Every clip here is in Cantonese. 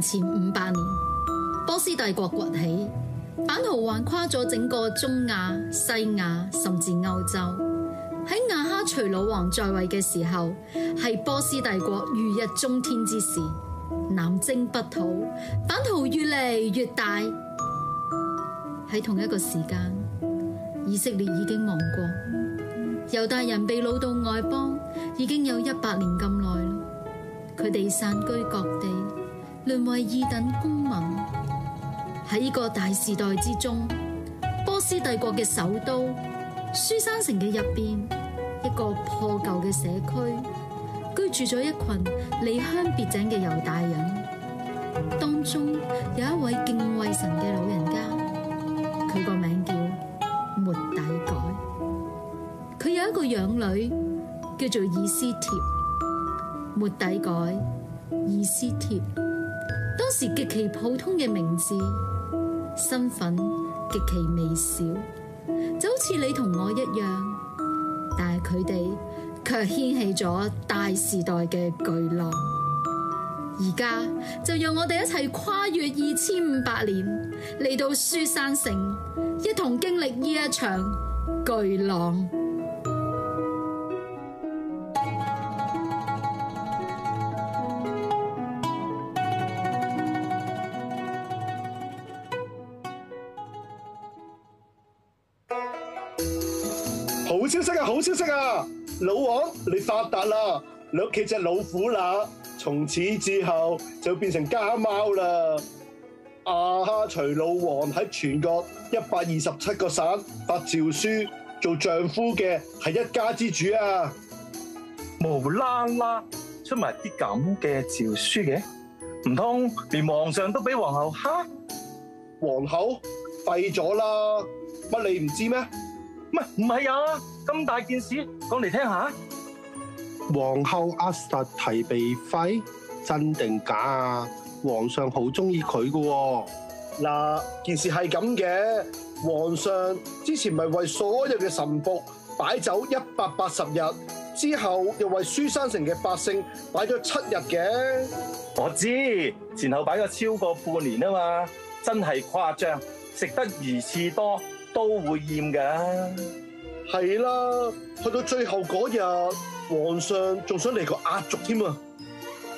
前五百年，波斯帝國崛起，版圖橫跨咗整個中亞、西亞，甚至歐洲。喺亞哈隨老王在位嘅時候，係波斯帝國如日中天之時，南征北討，版圖越嚟越大。喺同一個時間，以色列已經亡國，猶大人被擄到外邦，已經有一百年咁耐，佢哋散居各地。淪為二等公民。喺呢個大時代之中，波斯帝國嘅首都書珊城嘅入邊，一個破舊嘅社區居住咗一群離鄉別井嘅猶大人。當中有一位敬畏神嘅老人家，佢個名叫末底改，佢有一個養女叫做以斯帖。末底改、以斯帖。當時極其普通嘅名字，身份極其微小，就好似你同我一樣，但係佢哋卻掀起咗大時代嘅巨浪。而家就讓我哋一齊跨越二千五百年，嚟到書珊城，一同經歷呢一場巨浪。消息啊，老王你發達啦！你屋企隻老虎乸，從此之後就變成家貓啦。阿、啊、哈徐老王喺全國一百二十七個省發詔書，做丈夫嘅係一家之主啊！無啦啦出埋啲咁嘅詔書嘅，唔通連皇上都俾皇后哈皇后廢咗啦？乜你唔知咩？唔係唔係啊！咁大件事講嚟聽下。皇后瓦實提被廢，真定假啊？皇上好中意佢噶。嗱，件事係咁嘅。皇上之前咪係為所有嘅臣僕擺酒一百八十日，之後又為書山城嘅百姓擺咗七日嘅。我知前後擺咗超過半年啊嘛，真係誇張，食得魚翅多。都會厭噶、啊，係啦。去到最後嗰日，皇上仲想嚟個壓軸添啊！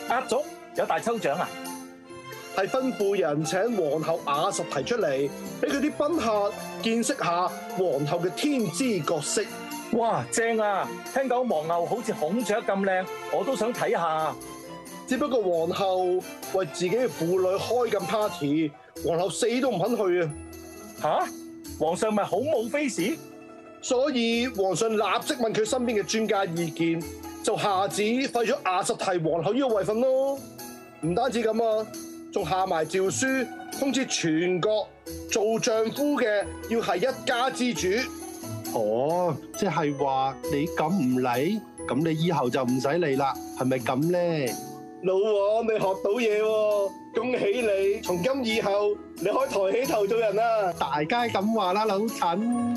壓軸有大抽獎啊！係吩咐人請皇后瓦實提出嚟，俾佢啲賓客見識下皇后嘅天姿國色。哇，正啊！聽講皇后好似孔雀咁靚，我都想睇下。只不過皇后為自己嘅婦女開緊 party，皇后死都唔肯去啊！吓、啊？皇上咪好冇 face，所以皇上立即問佢身邊嘅專家意見，就下旨廢咗阿實提皇后呢個位份咯。唔單止咁啊，仲下埋詔書通知全國做丈夫嘅要係一家之主。哦，即係話你咁唔嚟，咁你以後就唔使嚟啦，係咪咁咧？老王未學到嘢喎。恭喜你，從今以後你可以抬起頭做人啦！大家咁話啦，老陳。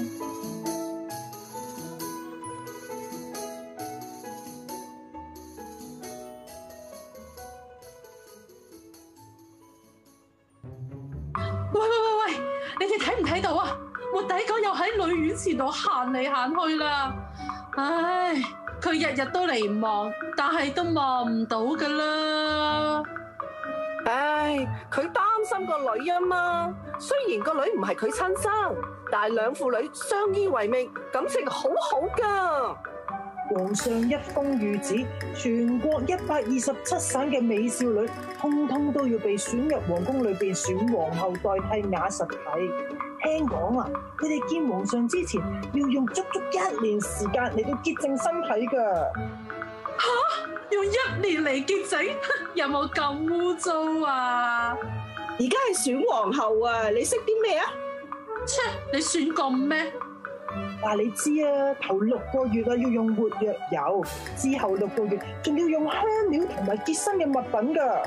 喂喂喂喂，你哋睇唔睇到啊？臥底哥又喺女院前度行嚟行去啦。唉，佢日日都嚟唔望，但係都望唔到噶啦。唉，佢擔心個女啊嘛。雖然個女唔係佢親生，但係兩父女相依為命，感情好好噶。皇上一封御旨，全國一百二十七省嘅美少女通通都要被選入皇宮裏邊選皇后代替瓦實提。聽講啊，佢哋見皇上之前要用足足一年時間嚟到潔淨身體噶。吓！用一年嚟潔整有冇咁污糟啊？而家係選皇后啊！你識啲咩啊？切！你選咁咩？哇！你知啊，頭六個月啊要用活藥油，之後六個月仲要用香料同埋潔身嘅物品噶。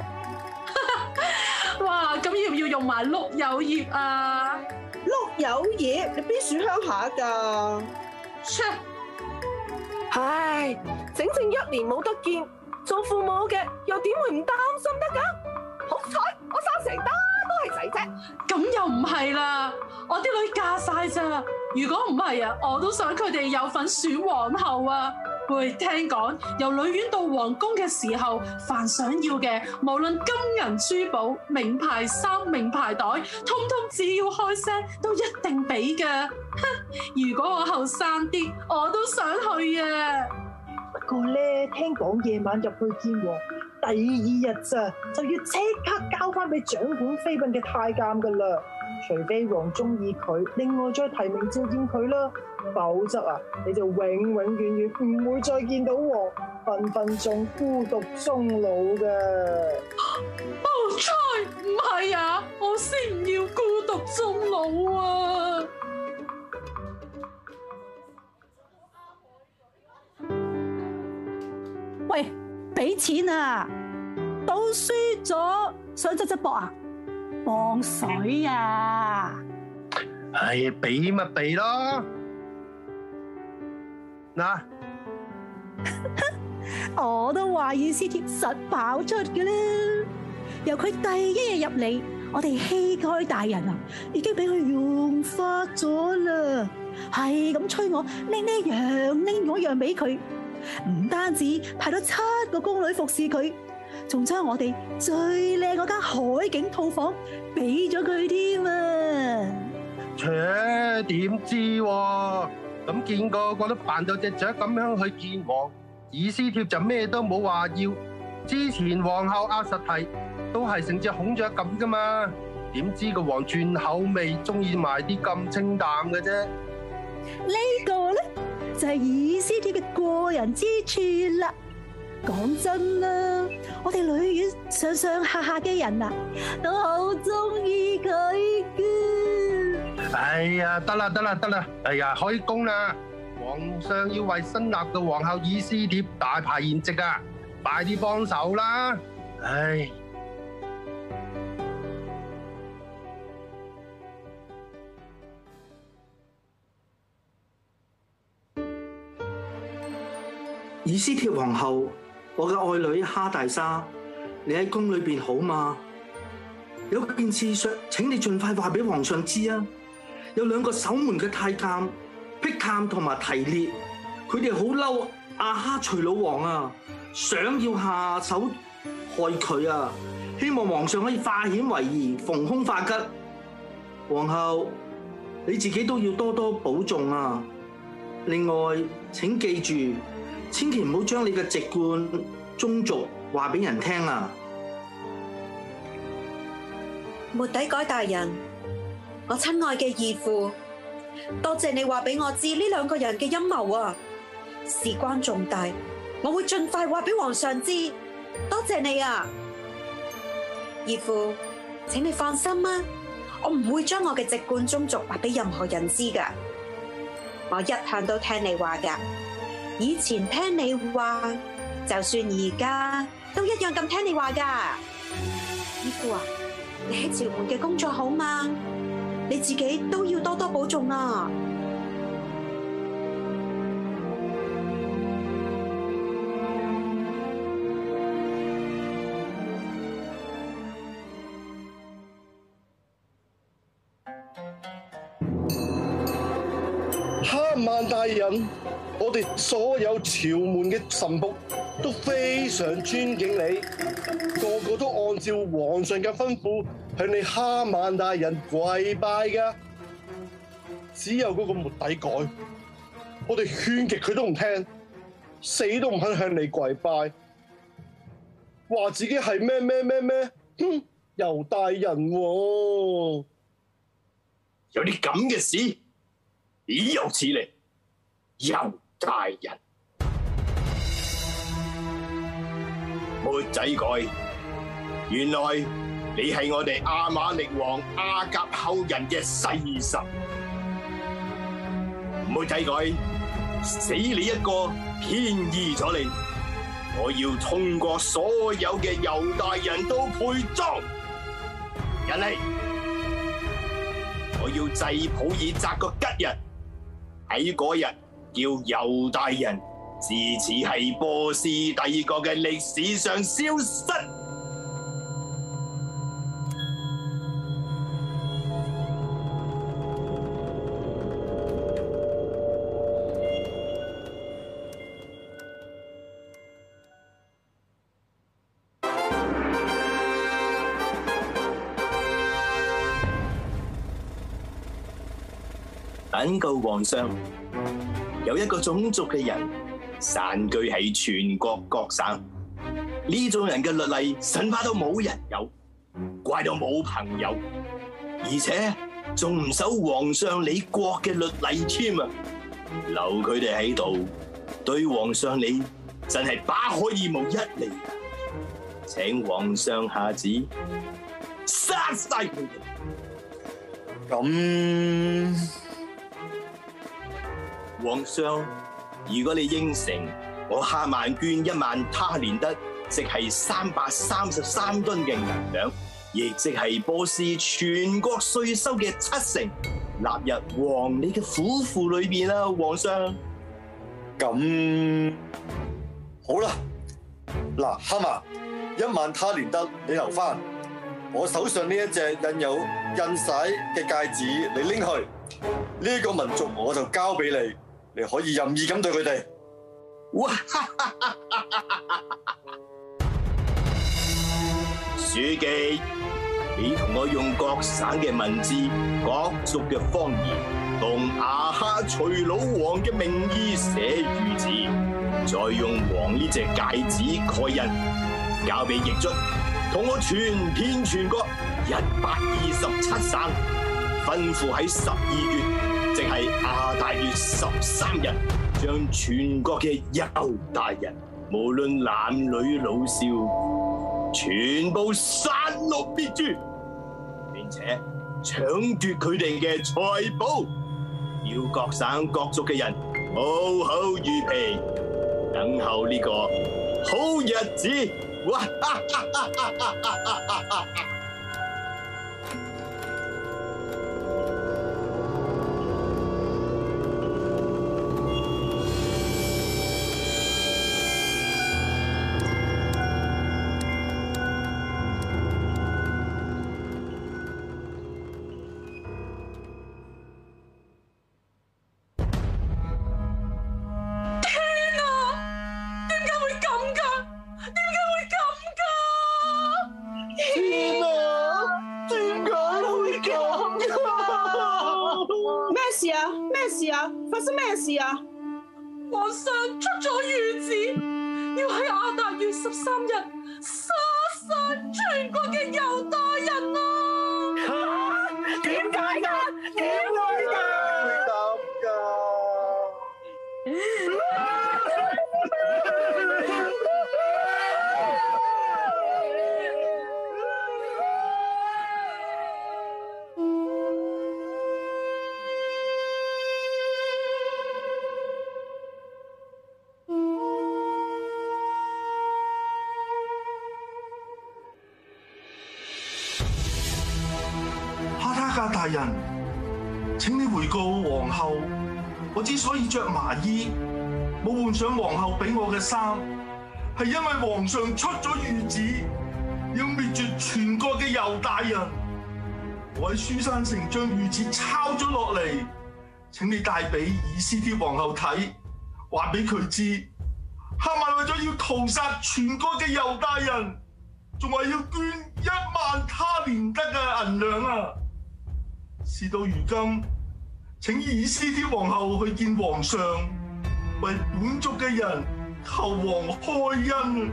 哇！咁要唔要用埋碌柚葉啊？碌柚葉？你邊選鄉下噶？切！唉，整整一年冇得見，做父母嘅又點會唔擔心得噶？好彩我生成單都係仔啫，咁又唔係啦，我啲女嫁晒咋。如果唔係啊，我都想佢哋有份選皇后啊！會聽講由女院到皇宮嘅時候，凡想要嘅，無論金銀珠寶、名牌衫、名牌袋，通通只要開聲，都一定俾嘅。哼！如果我後生啲，我都想去啊。不過咧，聽講夜晚入去見王，第二日咋就要即刻交翻俾掌管妃嬪嘅太監噶啦，除非王中意佢，另外再提名召見佢啦。否則啊，你就永永遠遠唔會再見到我，分分鐘孤獨終老嘅。冇錯，唔係啊，我先要孤獨終老啊！喂，俾錢啊！賭輸咗想執執博啊？傍水啊？係，俾咪俾咯。嗱、嗯，我都懷疑是鐵石跑出嘅啦。由佢第一日入嚟，我哋膝蓋大人啊，已經俾佢融化咗啦。係咁催我拎呢樣拎嗰樣俾佢，唔單止派咗七個宮女服侍佢，仲將我哋最靚嗰間海景套房俾咗佢添啊！且點知？咁見過，覺得扮到隻雀咁樣去見王，以斯帖就咩都冇話要。之前皇后瓦實提都係成隻孔雀咁噶嘛，點知個王轉口味，中意埋啲咁清淡嘅啫。呢個咧就係以斯帖嘅過人之處啦。講真啦，我哋女院上上下下嘅人啊，都好中意佢嘅。哎呀，得啦得啦得啦，哎呀，開工啦！皇上要為新納嘅皇后以斯帖大排筵席啊，快啲幫手啦！哎，以斯帖皇后，我嘅愛女哈大沙，你喺宮裏邊好嗎？有件事想請你盡快話俾皇上知啊！有兩個守門嘅太監，辟探同埋提列，佢哋好嬲阿哈徐老王啊，想要下手害佢啊！希望皇上可以化險為夷，逢凶化吉。皇后，你自己都要多多保重啊！另外請記住，千祈唔好將你嘅籍貫宗族話俾人聽啊！末底改大人。我親愛嘅義父，多謝你話俾我知呢兩個人嘅陰謀啊，事關重大，我會盡快話俾皇上知。多謝你啊，義父，請你放心啊，我唔會將我嘅籍貫宗族話俾任何人知噶。我一向都聽你話噶，以前聽你話，就算而家都一樣咁聽你話噶。義父啊，你喺朝門嘅工作好嗎？你自己都要多多保重啊。哈曼大人，我哋所有朝門嘅神僕，都非常尊敬你，個個都按照皇上嘅吩咐向你哈曼大人跪拜噶。只有嗰個末底改，我哋勸極佢都唔聽，死都唔肯向你跪拜，話自己係咩咩咩咩，哼，猶大人喎，啊，有啲咁嘅事，豈有此理，猶大人。末底改，原來你係我哋亞瑪力王亞甲後人嘅世仇。末底改，死你一個便宜咗你！我要通過所有嘅猶大人都陪葬。人嚟，我要祭普珥扎個吉日，喺嗰日叫猶大人。自此喺波斯帝國嘅歷史上消失。稟告皇上，有一個種族嘅人。散居喺全國各省，呢種人嘅律例，神怕都冇人有，怪到冇朋友，而且仲唔守皇上你國嘅律例添啊！留佢哋喺度，對皇上你真係百害而無一利啊！請皇上下旨殺晒佢哋！咁皇上。如果你應承，我哈曼捐一萬，他連得，即係三百三十三噸嘅銀兩，亦即係波斯全國稅收嘅七成，納入王你嘅府庫裏邊啦，皇上。咁好啦，嗱，哈曼，一萬他連得，你留翻。我手上呢一隻印有印璽嘅戒指，你拎去。呢、這個民族我就交俾你。你可以任意咁對佢哋。 書記，你同我用各省嘅文字、各族嘅方言，同亞哈隨魯王嘅名義寫諭旨，再用王呢隻戒指蓋印，交俾驛卒，同我全篇全國一百二十七省，吩咐喺十二月。即係亞達月十三日，將全國嘅猶大人，無論男女老少，全部殺戮滅絕，並且搶奪佢哋嘅財寶，要各省各族嘅人好好預備，等候呢個好日子。哇啊啊啊啊啊啊啊發生咩事啊？皇上出咗諭旨，要喺阿達月十三日殺晒全國嘅猶太。家，大人，請你回告皇后，我之所以着麻衣，冇換上皇后俾我嘅衫，係因為皇上出咗御旨，要滅絕全國嘅猶大人。我喺書山城將御旨抄咗落嚟，請你帶俾以斯帖皇后睇，話俾佢知，哈曼為咗要屠殺全國嘅猶大人，仲話要捐一萬他連得嘅銀兩啊。事到如今，請以斯帖皇后去見皇上，為本族嘅人求皇開恩。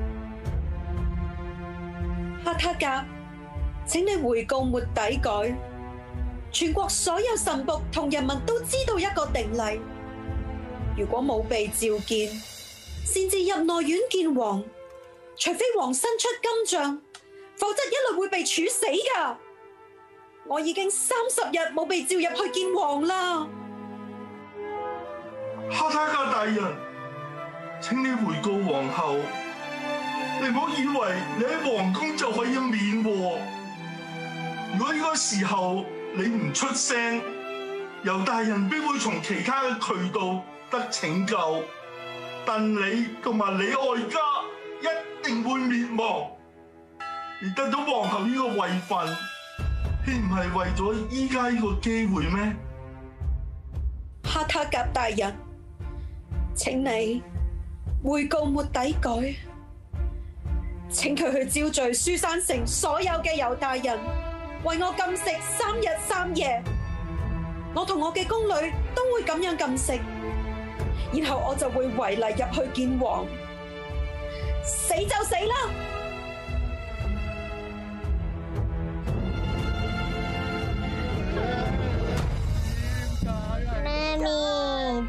黑塔格，請你回告末底改，全國所有臣僕同人民都知道一個定例：如果冇被召見，先至入內院見皇，除非皇伸出金杖，否則一律會被處死噶。我已經三十日冇被召入去見王啦！哈，他家大人，請你回告皇后，你唔好以為你喺皇宮就可以免禍。如果呢個時候你唔出聲，猶大人必會從其他嘅渠道得拯救，但你同埋李外家一定會滅亡，而得到皇后呢個位份。你唔係為咗依家呢個機會咩？哈塔格大人，請你回告末底改，請佢去召聚書山城所有嘅猶大人為我禁食三日三夜，我同我嘅宮女都會咁樣禁食，然後我就會違例入去見王，死就死啦。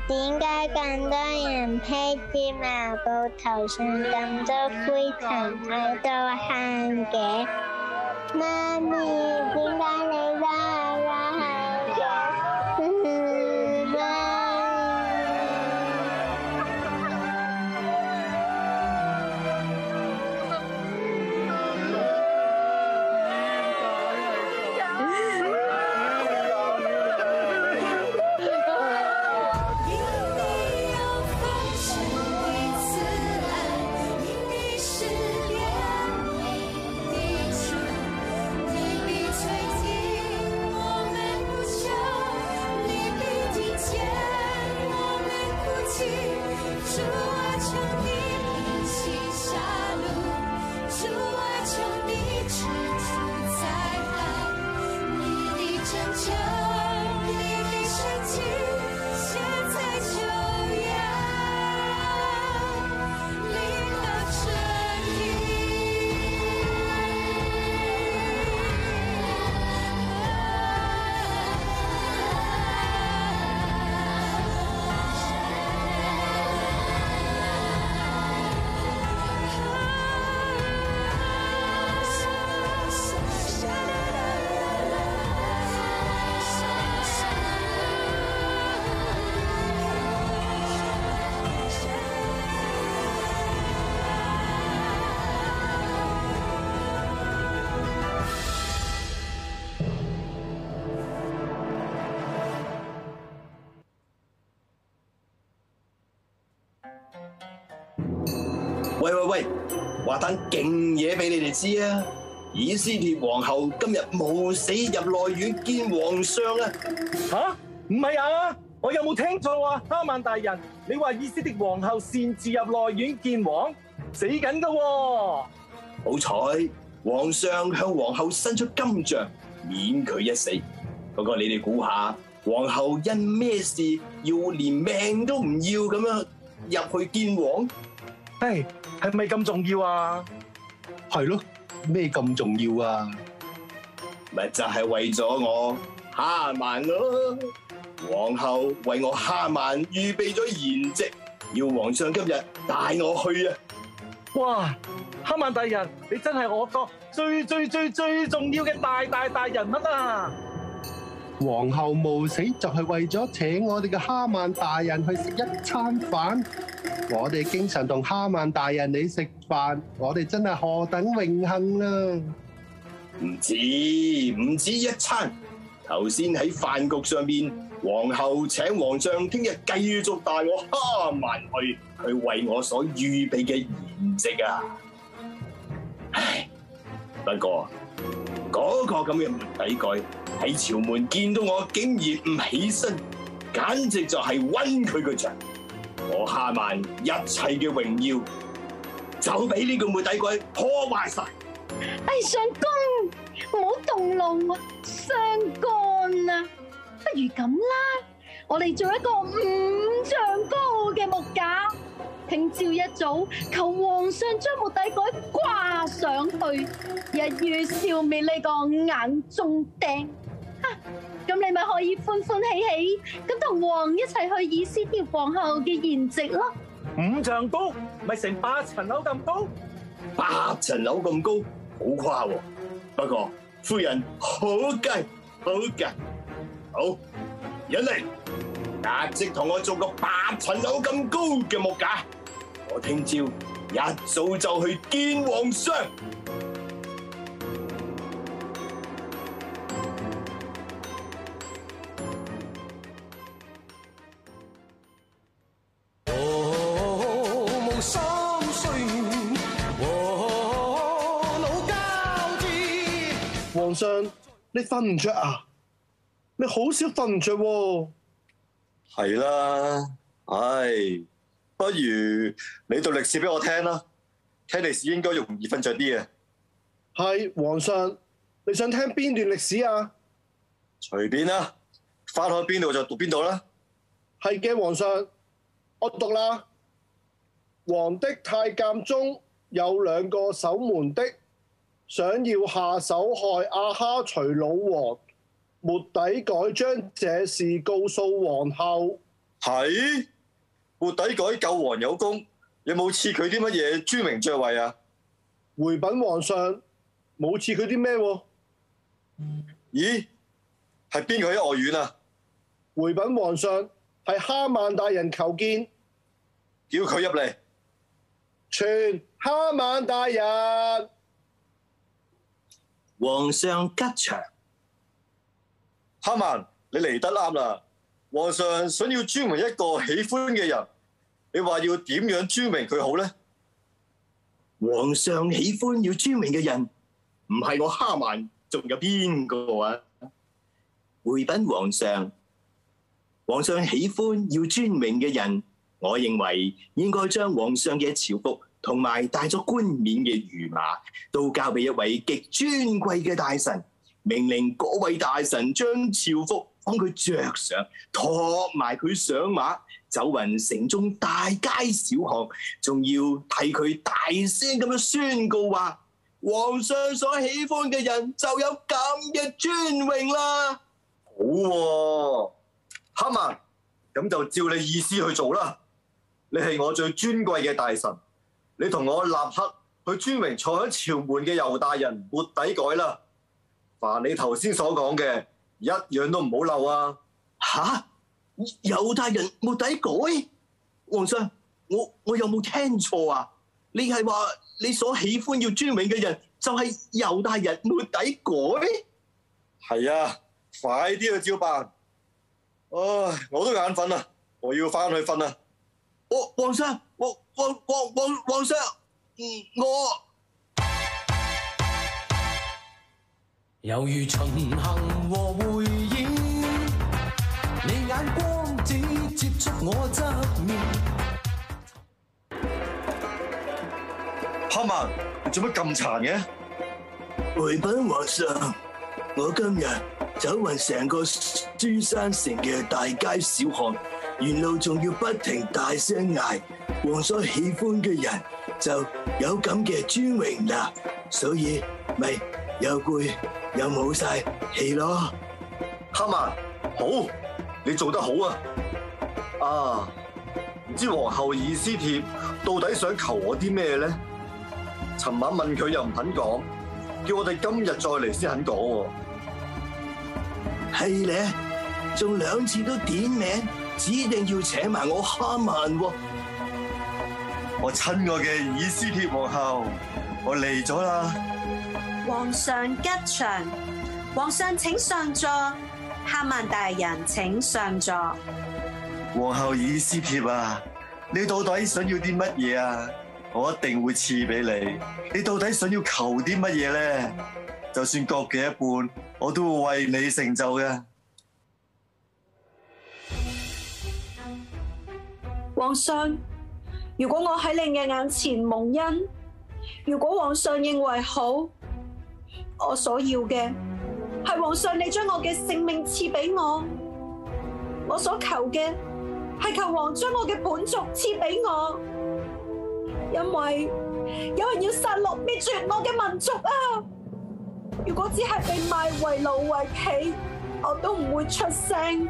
點解咁多人披住麻布頭上咁多灰塵喺度喊嘅？媽咪，點解你？話單勁嘢俾你哋知啊！以斯帖皇后今日冇死入內院見皇上啊！吓，唔係啊！我有冇聽錯啊？哈曼大人，你話以斯帖皇后擅自入內院見王，死緊噶！好彩皇上向皇后伸出金像，免佢一死。不過你哋估下，皇后因咩事要連命都唔要咁樣入去見王？誒。係咪咁重要啊？係咯，咩咁重要啊？咪就係為咗我哈曼咯，啊！皇后為我哈曼預備咗筵席，要皇上今日帶我去啊！哇，哈曼大人，你真係我個最最最最重要嘅大大大人啊！皇后冒死就係為咗請我哋嘅哈曼大人去食一餐飯。我哋經常同哈曼大人你食飯，我哋真係何等榮幸啊！唔止唔止一餐，頭先喺飯局上面，皇后請皇上聽日繼續帶我哈曼去，去為我所預備嘅筵席啊！唉，不過嗰、那個咁嘅唔體面，喺朝門見到我竟然唔起身，簡直就係搵佢個場。我哈曼一切嘅榮耀就俾呢個末底改破壞晒！哎，相公，唔好動怒啊，傷肝啊！不如咁啦，我哋做一個五丈高嘅木架，聽朝一早求皇上將末底改掛上去，一於消滅呢個眼中釘啊！咁你咪可以歡歡喜喜，咁同王一齊去以斯帖皇后嘅筵席咯。五丈高，咪成八層樓咁高。八層樓咁高，好誇啊。不過夫人好計，好計。好，忍嚟，立即同我做個八層樓咁高嘅木架。我聽朝一早就去見皇上。交皇上，你瞓唔着？啊？你好少瞓唔着喎。係啦，唉，不如你讀歷史俾我聽啦。聽歷史應該容易瞓着啲嘅。係皇上，你想聽邊段歷史啊？隨便啦，翻開邊度就讀邊度啦。係嘅，皇上，我讀啦。皇的太監中有兩個守門的，想要下手害阿哈徐老王，末底改將這事告訴皇后。係末底改救王有功，有冇賜佢啲乜嘢尊榮爵位啊？回禀皇上，冇賜佢啲咩。咦？係邊個喺外院啊？回禀皇上，係哈曼大人求見，叫佢入嚟。全哈曼大人，皇上吉祥。哈曼，你嚟得啱啦。皇上想要尊名一個喜歡嘅人，你話要點樣尊名佢好呢？皇上喜歡要尊名嘅人，唔係我哈曼，仲有邊個啊？回禀皇上，皇上喜歡要尊名嘅人，我認為應該將皇上嘅朝服同埋戴咗冠冕嘅御馬，都交俾一位極尊貴嘅大臣，命令嗰位大臣將朝服幫佢着上，托埋佢上馬，走勻城中大街小巷，仲要替佢大聲咁樣宣告話：皇上所喜歡嘅人就有咁嘅尊榮啦！好、哦，哈曼咁就照你意思去做啦。你係我最尊貴嘅大臣。你同我立刻去尊榮坐喺朝門嘅猶大人末底改啦！凡你頭先所講嘅一樣都唔好漏啊！嚇，猶大人末底改，皇上，我我有冇聽錯啊？你係話你所喜歡要尊榮嘅人就係猶大人末底改？係啊，快啲去照辦！唉，我都眼瞓啦，我要返去瞓啦。王皇上，王王王王皇上，嗯，我。猶如巡行和回憶，你眼光只接觸我側面。阿文，做乜咁殘嘅？回禀皇上，我今日走匀成個書珊城嘅大街小巷。沿路仲要不停大聲嗌，王所喜歡嘅人就有咁嘅尊榮啦，所以咪又攰又冇晒氣咯。哈曼，好，你做得好啊！啊，唔知皇后以斯帖到底想求我啲咩咧？尋晚問佢又唔肯講，叫我哋今日再嚟先肯講啊。係咧，仲兩次都點名。指定要請埋我哈曼喎，我親愛嘅以斯帖皇后，我嚟咗啦。皇上吉祥，皇上請上座，哈曼大人請上座。皇后以斯帖啊，你到底想要啲乜嘢啊？我一定會賜俾你。你到底想要求啲乜嘢咧？就算各嘅一半，我都會為你成就嘅。皇上，如果我喺你嘅眼前蒙恩，如果皇上認為好，我所要嘅係皇上你將我嘅性命賜俾我，我所求嘅係求皇將我嘅本族賜俾我，因為有人要殺戮滅絕我嘅民族啊！如果只係被賣為奴為婢，我都唔會出聲，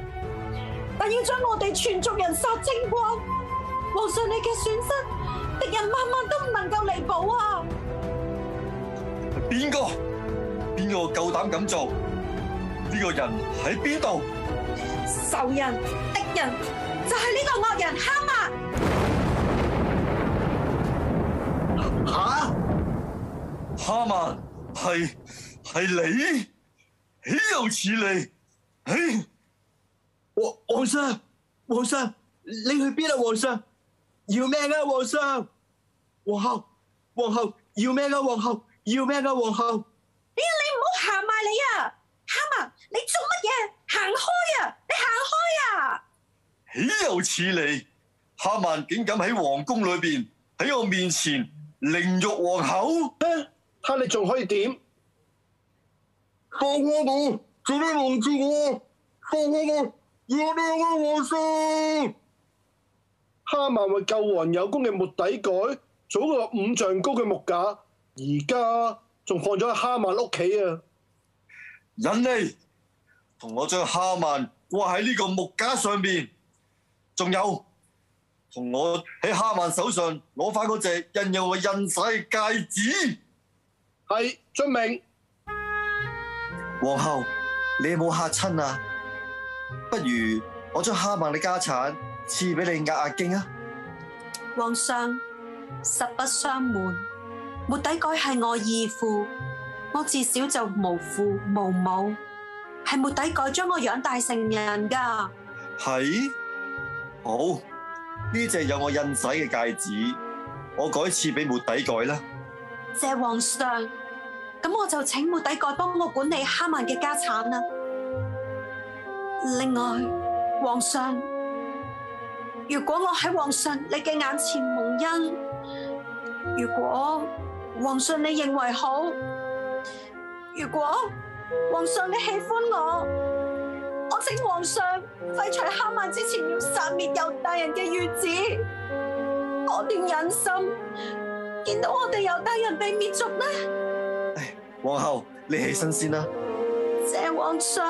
但要將我哋全族人殺清光！對你嘅損失，敵人萬萬都唔能夠彌補啊！邊個？邊個夠膽咁做？呢個人喺邊度？仇人、敵人就係呢個惡人哈曼！吓？哈曼係係你？豈有此理！哎，皇皇上皇上，你去邊啊？皇上？要命啊！皇上、皇后、皇后，要命啊！皇后，要命啊！皇后，點你唔好行埋嚟啊！哈曼，你做乜嘢？行開啊！你行開啊！豈有此理！哈曼竟敢喺皇宮裏邊喺我面前凌辱皇后？哈，睇你仲可以點？放我冇，放開我，做咩望住我，放開我，我要你個皇上。哈曼為救王有功嘅末底改，做一個五丈高嘅木架，而家仲放咗喺哈曼屋企啊！忍你，同我將哈曼掛喺呢個木架上面，仲有同我喺哈曼手上，攞返嗰隻印有我印晒嘅戒指。係，遵命。皇后，你有冇吓親啊？不如我將哈曼嘅家產。賜俾你壓壓驚啊！皇上，實不相瞞，末底改係我義父，我自小就無父無母，係末底改將我養大成人噶。係，好，呢隻有我印玺嘅戒指，我改賜俾末底改啦。謝皇上，咁我就請末底改幫我管理哈曼嘅家產啦。另外，皇上。如果我喺皇上你嘅眼前蒙恩，如果皇上你認為好，如果皇上你喜歡我，我請皇上廢除哈曼之前要殺滅猶大人嘅諭旨。我點忍心見到我哋猶大人被滅族呢？哎，皇后，你起身先啦。謝皇上，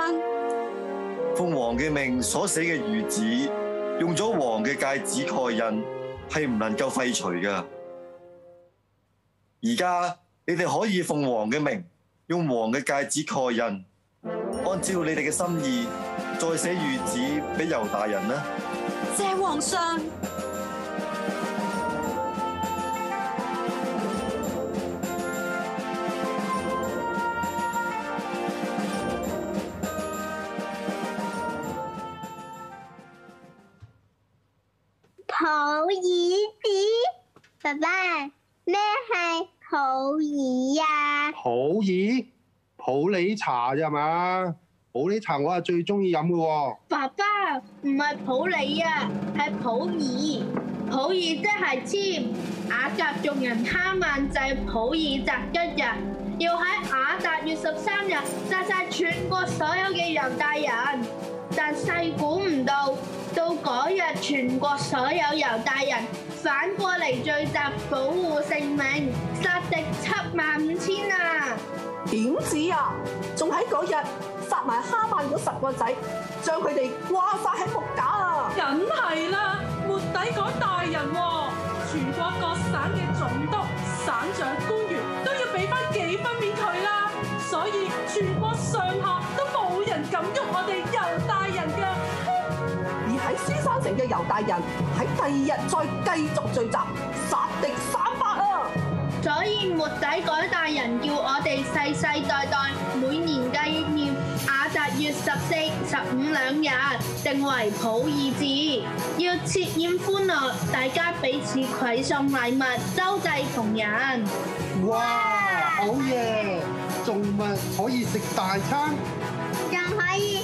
奉皇嘅命所寫嘅諭旨用咗王嘅戒指蓋印係唔能夠廢除㗎。而家你哋可以奉王嘅名，用王嘅戒指蓋印，按照你哋嘅心意再寫御旨俾猶大人啦。謝皇上。爸爸，咩係普珥呀？普珥，普洱茶啫係嘛？普洱茶我係最中意飲噶。爸爸唔係普洱呀，係普珥。普珥即係簽亞甲族人哈曼掣，普珥擇一日，要喺亞達月十三日殺晒全國所有嘅猶大人，但細估唔到。到嗰日，全國所有猶大人反過嚟聚集保護性命，殺敵七萬五千啊！點止啊？仲喺嗰日殺埋哈曼嗰十個仔，將佢哋掛曬喺木架啊！梗係啦，末底改大人喎，啊，全國各省嘅總督、省長官員都要俾翻幾分面佢啦，所以全國上下都冇人敢喐我哋。獅山城嘅猶大人喺第二日再繼續聚集殺敵三百啊！所以末底改大人叫我哋世世代代每年紀念亞達月十四、十五兩日，定為普珥節，要設宴歡樂，大家彼此饋送禮物，周濟窮人。哇，好嘢！仲咪可以食大餐，仲可以。